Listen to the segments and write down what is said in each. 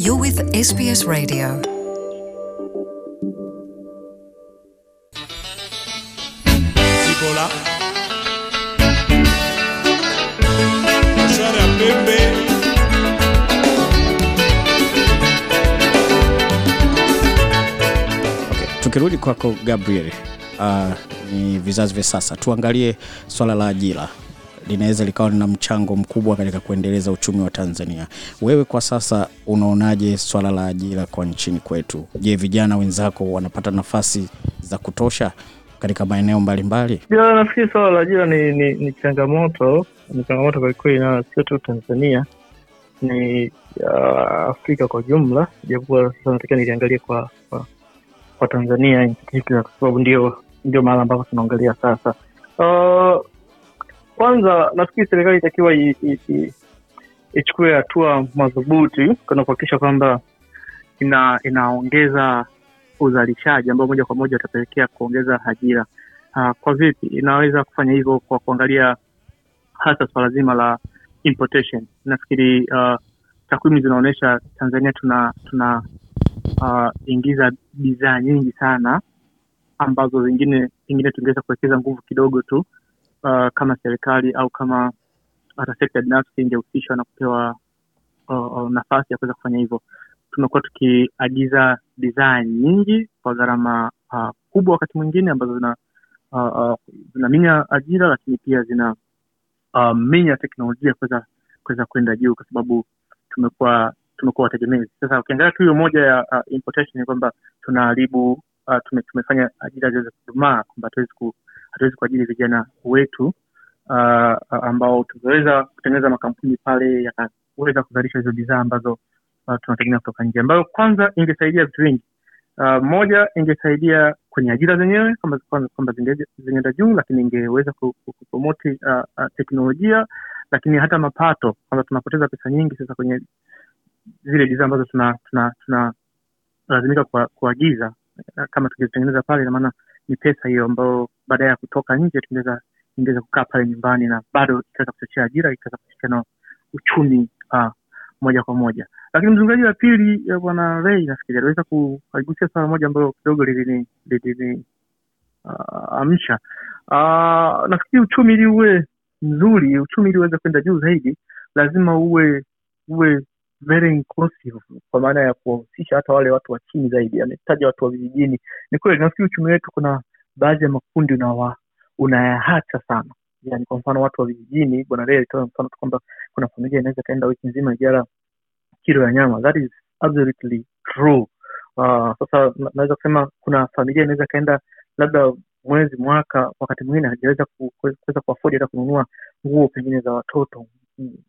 You're with SBS Radio. Okay, tukirudi kwako Gabriel, uh, ni vizazi vya sasa, tuangalie swala la ajira linaweza likawa lina mchango mkubwa katika kuendeleza uchumi wa Tanzania. Wewe kwa sasa unaonaje swala la ajira kwa nchini kwetu? Je, vijana wenzako wanapata nafasi za kutosha katika maeneo mbalimbali? Ya, nafikiri swala la ajira ni, ni, ni changamoto ni changamoto kwelikweli, na sio tu Tanzania ni uh, Afrika kwa jumla, japokuwa sasa natakiwa niliangalia kwa, kwa kwa Tanzania kwa sababu ndio ndio mahala ambapo tunaangalia sasa. Uh, kwanza nafikiri serikali itakiwa ichukue hatua madhubuti kana kuhakikisha kwamba ina inaongeza uzalishaji ambao moja kwa moja utapelekea kuongeza ajira. Uh, kwa vipi inaweza kufanya hivyo? Kwa kuangalia hasa swala zima la importation. Nafikiri uh, takwimu zinaonyesha Tanzania tuna tuna uh, bidhaa nyingi sana ambazo zingine pengine tungeweza kuwekeza nguvu kidogo tu uh, kama serikali au kama hata uh, sekta binafsi ingehusishwa na kupewa uh, uh, nafasi ya kuweza kufanya hivyo. Tumekuwa tukiagiza bidhaa nyingi kwa gharama uh, kubwa, wakati mwingine ambazo zina uh, uh, zinaminya ajira, lakini pia zina uh, minya teknolojia kuweza kuweza kwenda juu, kwa sababu tumekuwa tumekuwa wategemezi. Sasa ukiangalia tu hiyo moja ya uh, importation ni kwamba tunaharibu uh, tume, tumefanya ajira ziweze kudumaa kwamba tuwezi ku, hatuwezi kuajiri vijana wetu uh, uh ambao tungeweza kutengeneza makampuni pale yakaweza kuzalisha hizo bidhaa ambazo uh, tunategemea kutoka nje, ambayo kwanza ingesaidia vitu vingi. Uh, moja ingesaidia kwenye ajira zenyewe kwamba zingeenda juu, lakini ingeweza kupromoti uh, uh, teknolojia, lakini hata mapato, kwamba tunapoteza pesa nyingi sasa kwenye zile bidhaa ambazo tuna tuna tunalazimika kuagiza. Uh, kama tungezitengeneza pale, inamaana ni pesa hiyo ambayo baada ya kutoka nje tungeweza ingeweza kukaa pale nyumbani na bado ikaweza kuchochea ajira ikaweza kuchochea na uchumi uh, moja kwa moja lakini mzungumzaji wa pili eh, bwana rei nafikiri aliweza kugusia swala moja ambayo kidogo liliniamsha ah, uh, ah, uh, nafikiri uchumi ili uwe mzuri uchumi ili uweze kwenda juu zaidi lazima uwe uwe very inclusive kwa maana ya kuwahusisha hata wale watu wa chini zaidi ametaja watu wa vijijini ni kweli nafikiri uchumi wetu kuna baadhi ya makundi unawa unayahata sana yani kwa mfano watu wa vijijini bwana leo alitoa mfano tu kwamba kuna familia inaweza kaenda wiki nzima ijara kilo ya nyama that is absolutely true uh, sasa naweza kusema kuna familia inaweza kaenda labda mwezi mwaka wakati mwingine hajaweza kuweza kuafodi hata kununua nguo pengine za watoto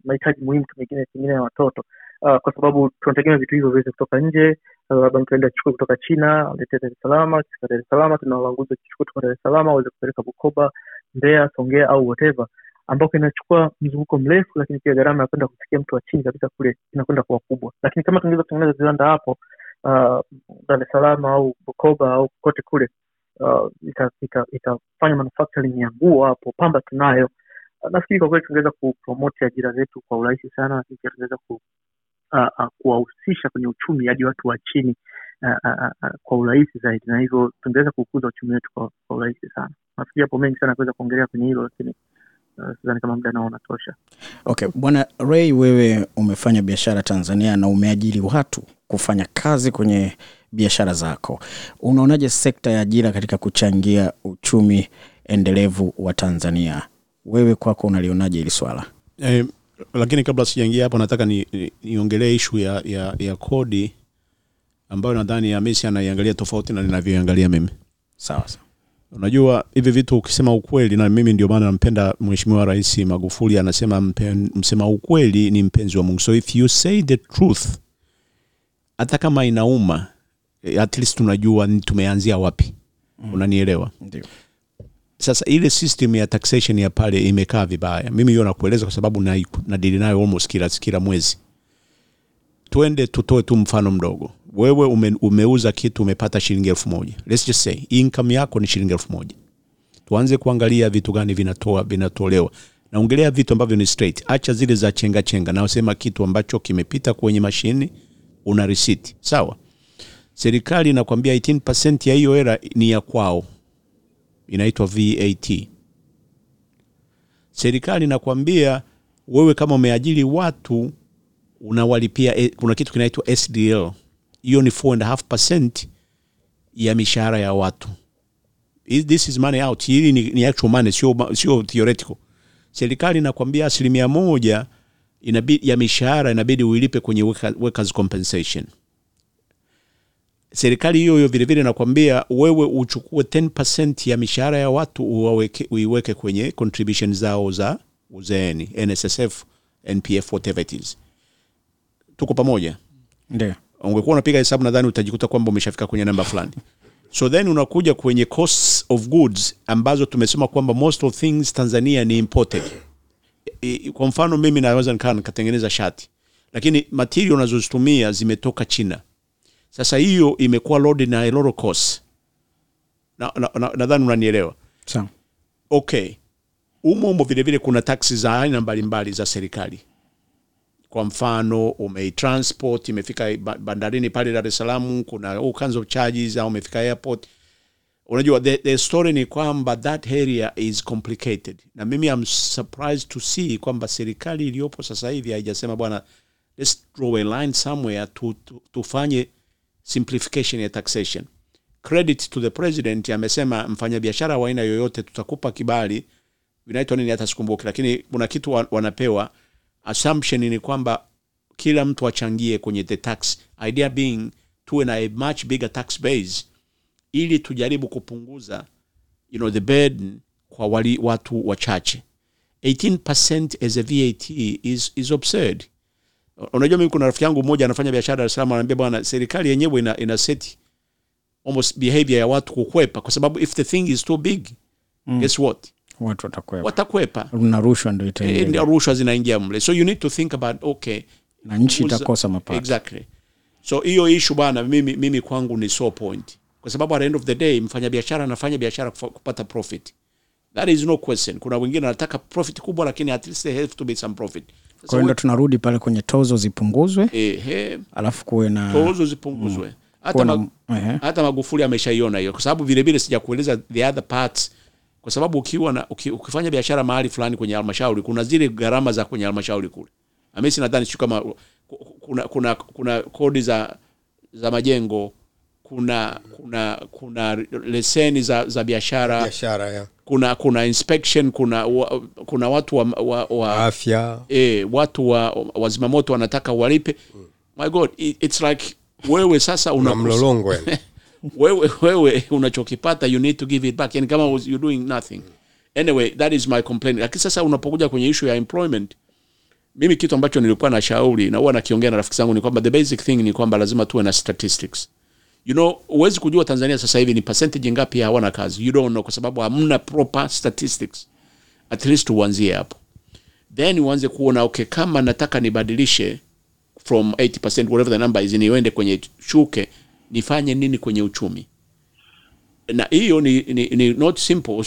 mahitaji muhimu pengine ya watoto uh, kwa sababu tunategemea vitu hivyo viweze kutoka nje labda mtu aende achukue kutoka China aletee Dar es Salaam, akifika Dar es Salaam tuna walanguzi wakichukua kutoka Dar es Salaam aweze kupeleka Bukoba, Mbeya, Songea au whatever, ambako inachukua mzunguko mrefu, lakini pia gharama ya kwenda kufikia mtu wa chini kabisa kule inakwenda kuwa kubwa. Lakini kama tungeweza kutengeneza viwanda hapo uh, Dar es Salaam au Bukoba au kote kule uh, itafanya ita, ita manufacturing ya nguo hapo, pamba tunayo. nafikiri kwa kweli tungeweza kupromote ajira zetu kwa urahisi sana, lakini pia tungeweza ku uh, uh, kuwahusisha kwenye uchumi hadi watu wa chini uh, uh, uh, kwa urahisi zaidi, na hivyo tungeweza kukuza uchumi wetu kwa, kwa urahisi sana. Nafikiri hapo mengi sana kuweza kuongelea kwenye hilo, lakini sidhani kama muda nao unatosha. Okay, Bwana rei wewe umefanya biashara Tanzania na umeajiri watu kufanya kazi kwenye biashara zako. Unaonaje sekta ya ajira katika kuchangia uchumi endelevu wa Tanzania? Wewe kwako unalionaje hili swala? Eh, lakini kabla sijaingia hapo, nataka niongelee ni, ni ishu ya, ya, ya kodi ambayo nadhani Hamisi anaiangalia tofauti na ninavyoiangalia mimi. Sawa sawa. Unajua hivi vitu ukisema ukweli, na mimi ndio maana nampenda Mheshimiwa Rais Magufuli, anasema msema ukweli ni mpenzi wa Mungu. So if you say the truth, hata kama inauma, at least tunajua tumeanzia wapi. Mm. Unanielewa? Ndio. Sasa ile system ya taxation ya pale imekaa vibaya. Mimi hiyo nakueleza kwa sababu na na deal nayo almost kila kila mwezi. Twende tutoe tu mfano mdogo. Wewe ume, umeuza kitu umepata shilingi elfu moja. Let's just say income yako ni shilingi elfu moja. Tuanze kuangalia vitu gani vinatoa vinatolewa. Naongelea vitu ambavyo ni straight. Acha zile za chenga chenga. Na usema kitu ambacho kimepita kwenye mashini una receipt. Sawa? Serikali inakwambia 18% ya hiyo hela ni ya kwao inaitwa VAT. Serikali inakwambia wewe kama umeajiri watu unawalipia, eh, kuna kitu kinaitwa SDL. Hiyo ni 4.5% ya mishahara ya watu. This is money out. Hili ni, ni actual money, sio sio theoretical. Serikali inakwambia asilimia moja inabidi, ya mishahara inabidi uilipe kwenye workers compensation serikali hiyo hiyo vilevile nakwambia wewe uchukue 10% ya mishahara ya watu uwaweke, uiweke kwenye contribution zao za uzeeni, NSSF, NPF, whatever it is. Tuko pamoja? Ndio. Ungekuwa unapiga hesabu, nadhani utajikuta kwamba umeshafika kwenye namba fulani. So then unakuja kwenye costs of goods ambazo tumesema kwamba most of things Tanzania ni imported. Kwa mfano mimi naweza nikaa nikatengeneza shati, lakini material unazozitumia zimetoka China sasa hiyo imekuwa lodi na a nadhani na, na, na, unanielewa ok Okay, umo vile kuna taksi za aina mbalimbali za serikali. Kwa mfano umeitransport, imefika bandarini pale Dar es Salaam, kuna all kinds of charges, au umefika airport. Unajua the, the story ni kwamba that area is complicated, na mimi am surprised to see kwamba serikali iliyopo sasa hivi haijasema bwana, let's draw a line somewhere, tufanye to, to, simplification ya taxation. Credit to the president, amesema mfanyabiashara wa aina yoyote tutakupa kibali, vinaitwa nini hata sikumbuki, lakini kuna kitu wanapewa. Assumption ni kwamba kila mtu achangie kwenye the tax, idea being tuwe na a much bigger tax base ili tujaribu kupunguza you know, the burden kwa wali, watu wachache. 18% as a VAT is, is absurd. Unajua, mimi kuna rafiki yangu mmoja anafanya biashara Dar es Salaam, anambia bwana, serikali yenyewe ina, ina set almost behavior ya watu kukwepa, kwa sababu if the thing is too big mm. guess what, watu watakwepa, watakwepa na rushwa ndio itaingia, eh, ndio rushwa zinaingia mle, so you need to think about okay, na nchi itakosa mapato exactly. So hiyo issue bwana, mimi mimi kwangu ni so point, kwa sababu at the end of the day mfanyabiashara anafanya biashara kupata profit, that is no question. Kuna wengine wanataka profit kubwa, lakini at least there have to be some profit kwa hiyo ndo tunarudi pale kwenye tozo zipunguzwe, ehe, alafu kuwe na tozo zipunguzwe mm. Hata, mag, hata Magufuli ameshaiona hiyo, kwa sababu vile vile sijakueleza the other parts, kwa sababu ukiwa na uki, ukifanya biashara mahali fulani kwenye halmashauri kuna zile gharama za kwenye halmashauri kule. Amesi nadhani sio kama kuna kuna kuna kodi za za majengo kuna kuna kuna leseni za, za biashara biashara yeah. kuna kuna inspection kuna wa, kuna watu wa, wa, wa afya eh, watu wa wazimamoto wanataka walipe mm. my god it, it's like wewe sasa una mlolongo wewe wewe unachokipata you need to give it back yani kama you doing nothing anyway that is my complaint lakini sasa unapokuja kwenye issue ya employment mimi kitu ambacho nilikuwa na shauri na huwa nakiongea na rafiki zangu ni kwamba the basic thing ni kwamba lazima tuwe na statistics mm you know, huwezi kujua Tanzania sasa hivi ni percentage ngapi ya hawana kazi. You don't know kwa sababu hamna proper statistics. At least uanzie hapo, then uanze kuona okay, kama nataka nibadilishe from 80% whatever the number is, niende kwenye shuke, nifanye nini kwenye uchumi? Na hiyo ni, ni, ni not simple.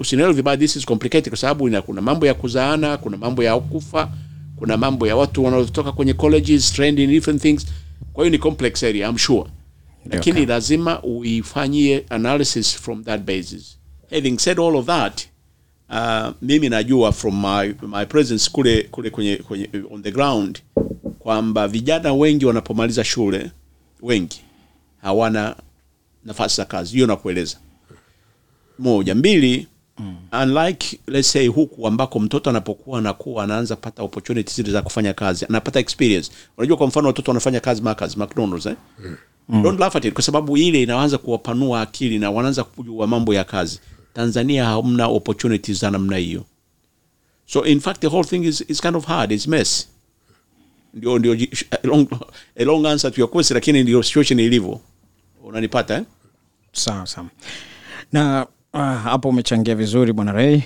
Usinielewe vibaya, this is complicated kwa sababu kuna mambo ya kuzaana, kuna mambo ya kufa, kuna mambo ya watu wanaotoka kwenye colleges trending different things. Kwa hiyo ni complex area I'm sure lakini okay. lazima uifanyie analysis from that basis. Having said all of that, uh, mimi najua from my, my presence kule kule kwenye, kwenye on the ground kwamba vijana wengi wanapomaliza shule wengi hawana nafasi za kazi. Hiyo nakueleza moja. Mbili, mm. unlike let's say huku ambako mtoto anapokuwa anakuwa anaanza pata opportunity zile za kufanya kazi, anapata experience. Unajua, kwa mfano watoto wanafanya kazi makazi McDonald's eh? mm mm. don't laugh at it kwa sababu ile inaanza kuwapanua akili na wanaanza kujua mambo ya kazi tanzania hamna opportunities za namna hiyo so in fact the whole thing is, is kind of hard it's mess ndio ndio long, a long answer to your question lakini ndio situation ilivyo unanipata eh? sawa sawa na ah, hapo uh, umechangia vizuri bwana rei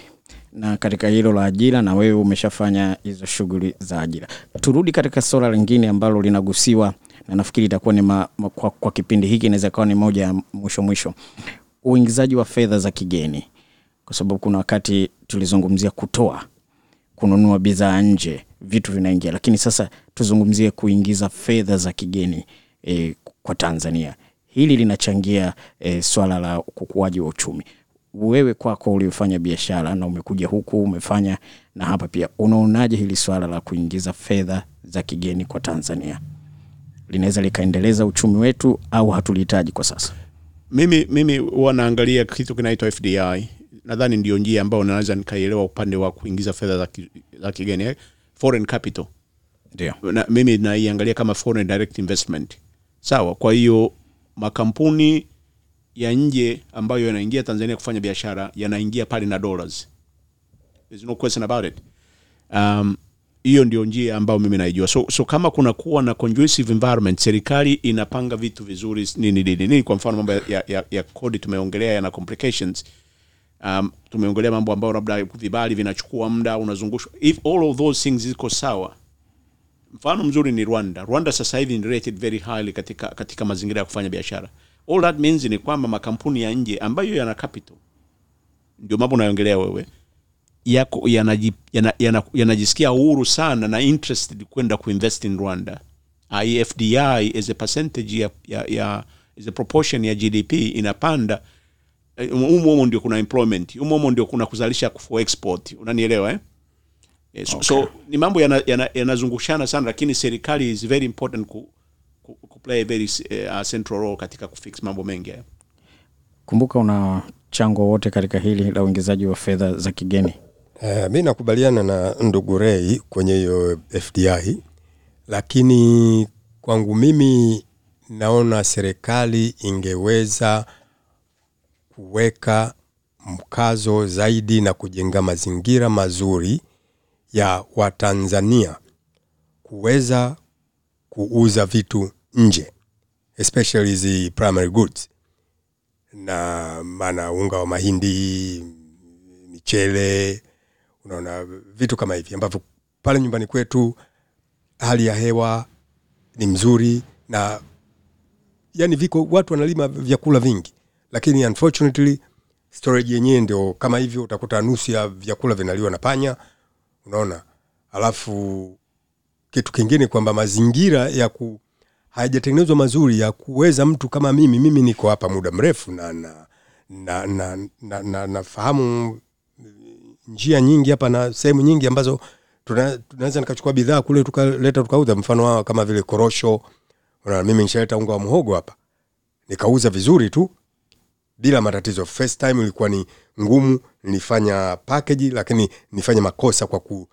na katika hilo la ajira na wewe umeshafanya hizo shughuli za ajira turudi katika swala lingine ambalo linagusiwa na nafikiri itakuwa ni ma, ma, kwa, kwa kipindi hiki inaweza kawa ni moja ya mwisho mwisho, uingizaji wa fedha za kigeni, kwa sababu kuna wakati tulizungumzia kutoa, kununua bidhaa nje, vitu vinaingia, lakini sasa tuzungumzie kuingiza fedha za kigeni e, kwa Tanzania. Hili linachangia e, swala la ukuaji wa uchumi. Wewe kwako uliofanya biashara na umekuja huku umefanya na hapa pia, unaonaje hili swala la kuingiza fedha za kigeni kwa Tanzania? linaweza likaendeleza uchumi wetu au hatulihitaji kwa sasa? Mimi mimi huwa naangalia kitu kinaitwa FDI. Nadhani ndio njia ambayo naweza nikaielewa upande wa kuingiza fedha za kigeni, foreign capital. Ndio na, mimi naiangalia kama foreign direct investment. Sawa. Kwa hiyo makampuni ya nje ambayo yanaingia Tanzania kufanya biashara yanaingia pale na dollars. There's no question about it. Um, hiyo ndio njia ambayo mimi naijua. So, so kama kuna kuwa na conducive environment, serikali inapanga vitu vizuri nini nini nini. Kwa mfano mambo ya, ya, ya kodi tumeongelea yana complications. Um, tumeongelea mambo ambayo labda vibali vinachukua muda, unazungushwa. If all of those things ziko sawa, mfano mzuri ni Rwanda. Rwanda sasa hivi ni rated very highly katika, katika mazingira ya kufanya biashara. All that means ni kwamba makampuni ya nje ambayo yana capital, ndio mambo unayoongelea wewe yako yanajisikia yana, yana, yana uhuru sana na interested kwenda kuinvest in Rwanda. IFDI ah, e as a percentage ya, ya, ya, as a proportion ya GDP inapanda eh, umomo ndio kuna employment, umomo ndio kuna kuzalisha for export, unanielewa eh? eh so, okay. So ni mambo yanazungushana yana, yana sana, lakini serikali is very important ku, ku, ku play a very uh, central role katika kufix mambo mengi hayo. Kumbuka una chango wote katika hili la uingizaji wa fedha za kigeni. Uh, mi nakubaliana na ndugu Rei kwenye hiyo FDI, lakini kwangu mimi naona serikali ingeweza kuweka mkazo zaidi na kujenga mazingira mazuri ya Watanzania kuweza kuuza vitu nje especially the primary goods, na maana unga wa mahindi, michele unaona vitu kama hivi ambavyo pale nyumbani kwetu hali ya hewa ni mzuri na yani viko watu wanalima vyakula vingi lakini unfortunately storage yenyewe ndio kama hivyo utakuta nusu ya vyakula vinaliwa na panya unaona alafu kitu kingine kwamba mazingira ya ku hayajatengenezwa mazuri ya kuweza mtu kama mimi mimi niko hapa muda mrefu na na na nafahamu na, na, na, na njia nyingi hapa na sehemu nyingi ambazo tunaweza nikachukua bidhaa kule tukaleta tukauza, mfano hawa kama vile korosho. na mimi nishaleta unga wa muhogo hapa nikauza vizuri tu bila matatizo. First time ilikuwa ni ngumu, nilifanya package, lakini nilifanya makosa kwa ku,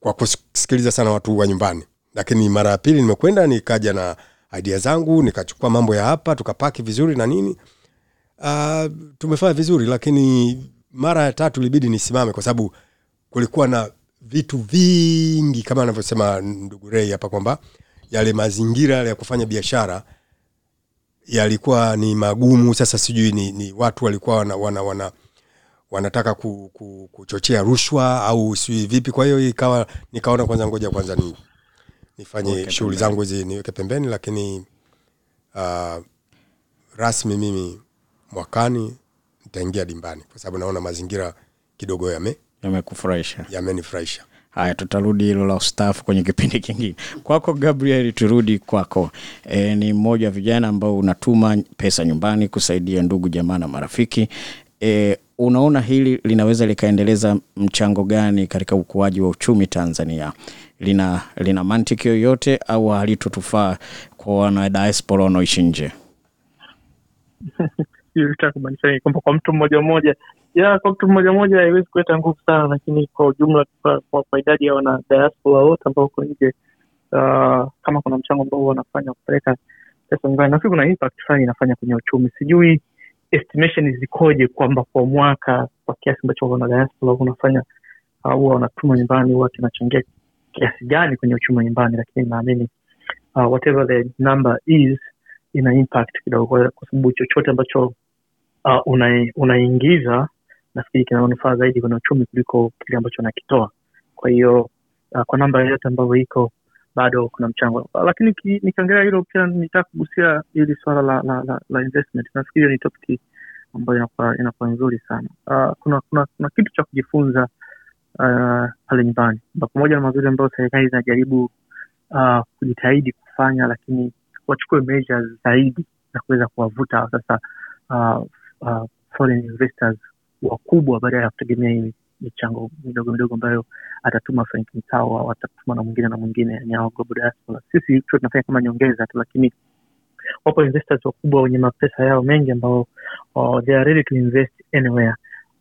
kwa kusikiliza sana watu wa nyumbani, lakini mara ya pili nimekwenda nikaja na idea zangu nikachukua mambo ya hapa tukapaki vizuri na nini. Uh, tumefanya vizuri lakini mara ya tatu ilibidi nisimame kwa sababu kulikuwa na vitu vingi kama anavyosema ndugu Rei hapa kwamba yale mazingira yale ya kufanya biashara yalikuwa ni magumu. Sasa sijui ni, ni watu walikuwa wana, wana, wana, wanataka ku, ku, kuchochea rushwa au sijui vipi. Kwa hiyo ikawa nikaona kwanza, ngoja kwanza ni, nifanye okay, shughuli zangu hizi niweke pembeni, lakini uh, rasmi mimi mwakani nitaingia dimbani kwa sababu naona mazingira kidogo yame yamekufurahisha yamenifurahisha. Haya, tutarudi hilo la ustaafu kwenye kipindi kingine. Kwako Gabriel, turudi kwako. E, ni mmoja wa vijana ambao unatuma pesa nyumbani kusaidia ndugu jamaa na marafiki. E, unaona hili linaweza likaendeleza mchango gani katika ukuaji wa uchumi Tanzania? Lina, lina mantiki yoyote au halitotufaa kwa diaspora wanaoishi nje? sitaki kumaanisha kwamba kwa mtu mmoja mmoja ya kwa mtu mmoja mmoja haiwezi kuleta nguvu sana, lakini kwa ujumla, kwa kwa idadi ya wana diaspora wote ambao uko nje, uh, kama kuna mchango ambao wanafanya kupeleka pesa nyumbani, nafikiri kuna impact fulani inafanya kwenye uchumi. Sijui estimation zikoje kwamba kwa mwaka kwa kiasi ambacho wana diaspora unafanya ah, huwa wanatuma nyumbani huwa kinachangia kiasi gani kwenye uchumi wa nyumbani, lakini naamini uh, whatever the number is ina impact kidogo, kwa sababu chochote ambacho uh, ah, una, unaingiza nafikiri kina manufaa zaidi kwenye uchumi kuliko kile ambacho anakitoa kwa hiyo uh, kwa namba yoyote ambavyo iko bado kuna mchango ah, lakini nikiongelea hilo pia nitaka kugusia hili swala la, la, la, la investment nafikiri hiyo ni ambayo inakuwa nzuri sana uh, kuna, kuna, kuna kitu cha kujifunza uh, pale nyumbani pamoja na mazuri ambayo serikali zinajaribu uh, kujitahidi kufanya lakini wachukue measures zaidi za kuweza kuwavuta sasa uh, uh, foreign investors wakubwa baada ya kutegemea hii michango midogo midogo ambayo atatuma Frank Mtawa au atatuma na mwingine na mwingine, yani Sisi tu tunafanya kama nyongeza tu, lakini wapo investors wakubwa wenye mapesa yao mengi ambao uh, they are ready to invest anywhere.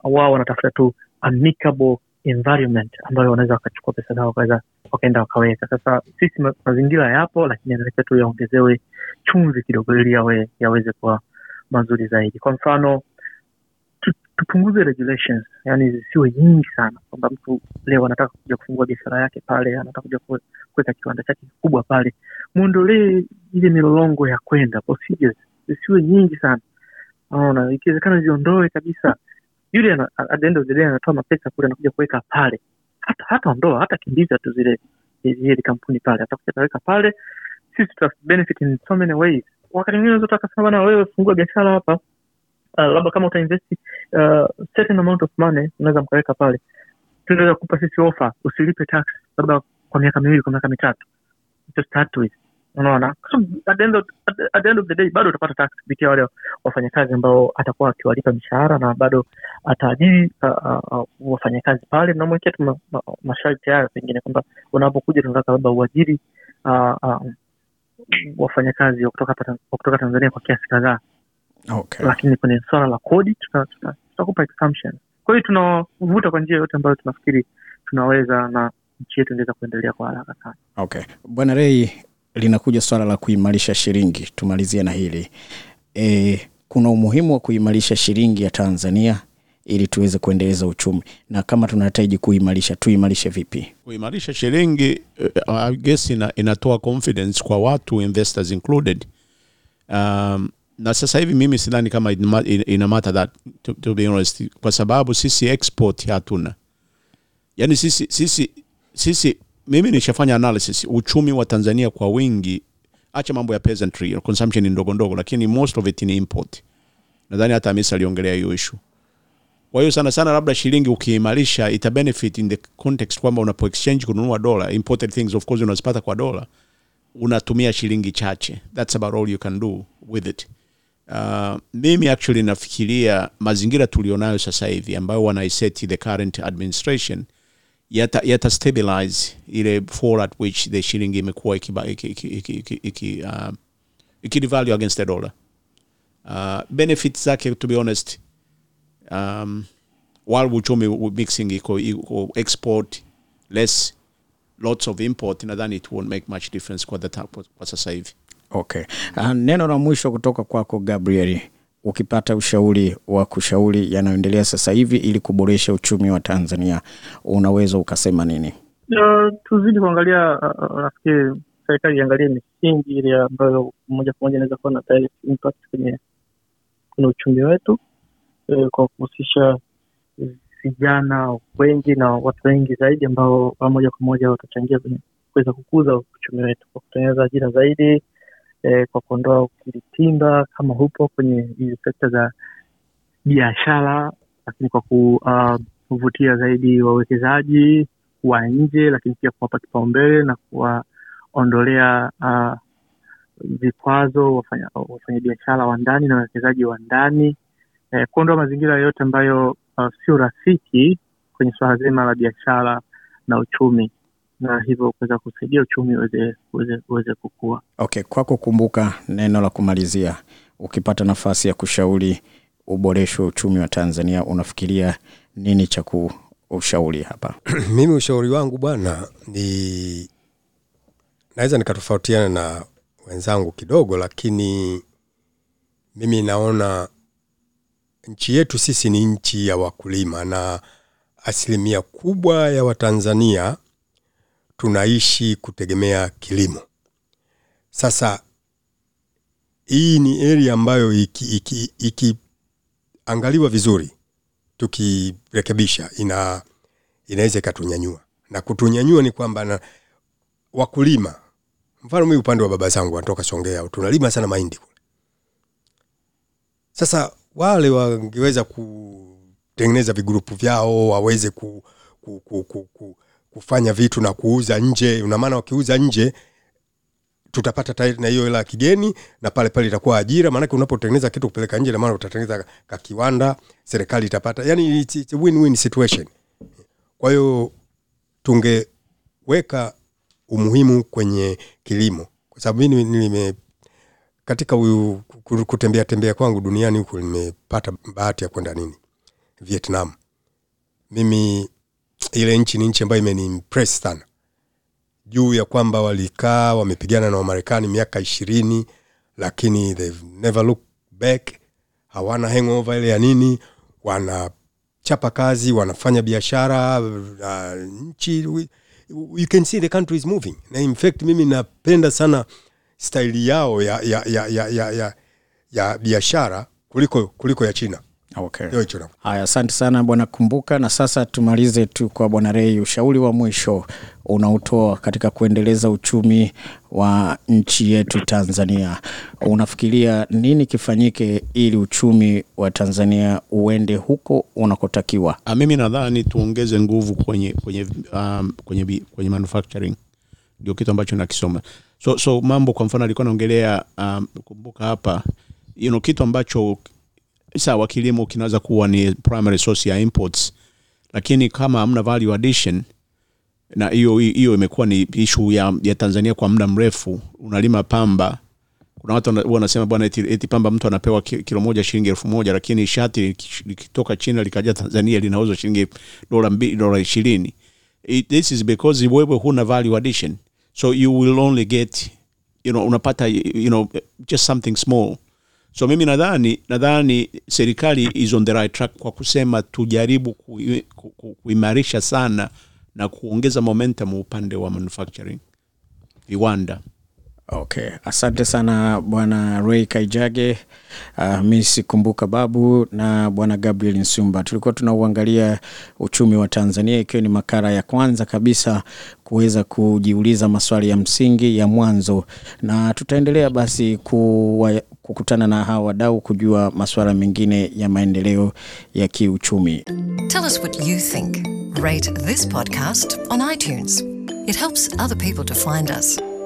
Wao wanatafuta tu environment ambayo wanaweza wakachukua pesa zao wakaweza wakaenda wakaweka. Sasa sisi mazingira yapo, lakini anaweza tu yaongezewe chumvi kidogo ili yawe yaweze kuwa mazuri zaidi. Kwa mfano tupunguze regulations, yani zisiwe nyingi sana, kwamba mtu leo anataka kuja kufungua biashara yake pale, anataka kuja kuweka kiwanda chake kikubwa pale, mwondolee ile milolongo ya kwenda, procedures zisiwe nyingi sana. Naona ikiwezekana ziondoe kabisa. Yule anatoa mapesa kule, anakuja kuweka pale, hata hata ondoa hata kimbiza tu zile zile kampuni pale, atakuja ataweka pale, sisi tuta benefit in so many ways wakati mwingine unaweza taka bana, wewe fungua biashara hapa uh, labda kama utainvesti uh, ah, certain amount of money unaweza mkaweka pale, tunaweza kupa sisi ofa, usilipe tax labda kwa miaka miwili, kwa miaka mitatu to start with unaona at the end of, at the end of the day bado utapata tax kupitia wale wafanyakazi ambao atakuwa akiwalipa mishahara na bado ataajiri uh, ah, uh, wafanyakazi pale namwekea tu masharti ma, ma, hayo pengine kwamba unapokuja tunataka labda uajiri uh, uh, wafanyakazi wa kutoka, Tanzania kwa kiasi kadhaa okay. Lakini kwenye swala la kodi tutakupa tuta tuta Kwa hiyo tunavuta kwa njia yote ambayo tunafikiri tunaweza na nchi yetu ingeweza kuendelea kwa haraka sana. Okay, Bwana Rei, linakuja swala la kuimarisha shilingi, tumalizie na hili e, kuna umuhimu wa kuimarisha shilingi ya Tanzania ili tuweze kuendeleza uchumi, na kama tunahitaji kuimarisha, tuimarishe vipi? Kuimarisha shilingi, uh, I guess ina, inatoa confidence kwa watu investors included. Um, na sasa hivi mimi sidhani kama ina matter that to, to be honest, kwa sababu sisi export hatuna, yani sisi, sisi, sisi mimi nishafanya analysis uchumi wa Tanzania kwa wingi, acha mambo ya peasantry consumption ndogo ndogo, lakini most of it ni import. Nadhani hata Hamisa aliongelea hiyo issue kwa hiyo sana sana labda shilingi ukiimarisha ita benefit in the context kwamba unapo exchange kununua dola, imported things of course unazipata kwa dola, unatumia shilingi chache. That's about all you can do with it. Uh, mimi actually nafikiria mazingira tulionayo sasa hivi ambayo wanaiseti the current administration yata, yata stabilize ile fall at which the shilingi imekuwa ikidevalue uh, against the dollar. Uh, benefits zake to be honest um, world uchumi mixing iko, export less lots of import, nadhani it won't make much difference kwa, the, kwa sasa hivi. Okay. Uh, neno la mwisho kutoka kwako Gabriel, ukipata ushauri wa kushauri yanayoendelea sasa hivi ili kuboresha uchumi wa Tanzania unaweza ukasema nini? Uh, tuzidi kuangalia, uh, uh, nafikiri uh, serikali iangalie misingi ile ambayo moja kwa moja inaweza kuwa na impact kwenye uchumi wetu eh, kwa kuhusisha vijana wengi na watu wengi zaidi ambao moja kwa moja watachangia kwenye kuweza kukuza uchumi wetu kwa kutengeneza ajira zaidi eh, kwa kuondoa ukiritimba kama hupo kwenye hizi sekta za biashara, lakini kwa ah, kuvutia uh, zaidi wawekezaji wa nje, lakini pia kuwapa kipaumbele na kuwaondolea uh, vikwazo wafanyabiashara wafanya wa ndani na wawekezaji wa ndani eh, kuondoa mazingira yoyote ambayo uh, sio rafiki kwenye swala zima la biashara na uchumi na hivyo kuweza kusaidia uchumi uweze kukua. Okay, kwako, kumbuka neno la kumalizia, ukipata nafasi ya kushauri uboresho wa uchumi wa Tanzania, unafikiria nini cha kuushauri hapa? Mimi ushauri wangu bwana, ni naweza nikatofautiana na wenzangu kidogo, lakini mimi naona nchi yetu sisi ni nchi ya wakulima na asilimia kubwa ya Watanzania tunaishi kutegemea kilimo. Sasa hii ni area ambayo ikiangaliwa iki, iki, vizuri, tukirekebisha, ina inaweza ikatunyanyua na kutunyanyua ni kwamba na wakulima, mfano mimi upande wa baba zangu anatoka Songea, tunalima sana mahindi kule. Sasa wale wangeweza kutengeneza vigrupu vyao waweze ku, ku, ku, ku, ku, kufanya vitu na kuuza nje unamaana wakiuza nje tutapata tayari na hiyo hela ya kigeni na pale pale itakuwa ajira maanake unapotengeneza kitu kupeleka nje namaana utatengeneza kakiwanda serikali itapata yani it's, it's a win-win situation kwa hiyo tungeweka umuhimu kwenye kilimo kwa sababu mi nime katika kutembea tembea kwangu duniani huku nimepata bahati ya kwenda nini Vietnam. Mimi ile nchi ni nchi ambayo imeniimpress sana juu ya kwamba walikaa wamepigana na Wamarekani miaka ishirini, lakini never look back. Hawana hangover ile ya nini, wanachapa kazi, wanafanya biashara uh, nchi we, you can see the country is moving. Na in fact mimi napenda sana staili yao ya, ya, ya, ya, ya, ya ya biashara kuliko, kuliko ya China. Okay. Haya, asante sana Bwana Kumbuka, na sasa tumalize tu kwa Bwana Rei, ushauri wa mwisho unaotoa katika kuendeleza uchumi wa nchi yetu Tanzania, unafikiria nini kifanyike ili uchumi wa Tanzania uende huko unakotakiwa? Ah, mimi nadhani tuongeze nguvu kwenye, kwenye, um, kwenye, kwenye manufacturing ndio kitu ambacho nakisoma. So, so mambo kwa mfano alikuwa anaongelea um, Kumbuka hapa you know, kitu ambacho sawa, kilimo kinaweza kuwa ni primary source ya imports, lakini kama hamna value addition, na hiyo hiyo imekuwa ni issue ya, ya Tanzania kwa muda mrefu. Unalima pamba, kuna watu wanasema bwana, eti, eti pamba mtu anapewa kilo moja shilingi elfu moja lakini shati likitoka China likaja Tanzania linauzwa shilingi dola mbili, dola ishirini. This is because wewe huna value addition, so you will only get you know, unapata you know, just something small so mimi nadhani nadhani serikali is on the right track kwa kusema tujaribu kuimarisha sana na kuongeza momentum upande wa manufacturing viwanda Okay, asante sana bwana Ray Kaijage, uh, ah, Misi sikumbuka Babu na bwana Gabriel Nsumba. Tulikuwa tunauangalia uchumi wa Tanzania, ikiwa ni makara ya kwanza kabisa kuweza kujiuliza maswali ya msingi ya mwanzo, na tutaendelea basi kuwa, kukutana na hawa wadau kujua masuala mengine ya maendeleo ya kiuchumi. Tell us what you think. Rate this podcast on iTunes. It helps other people to find us.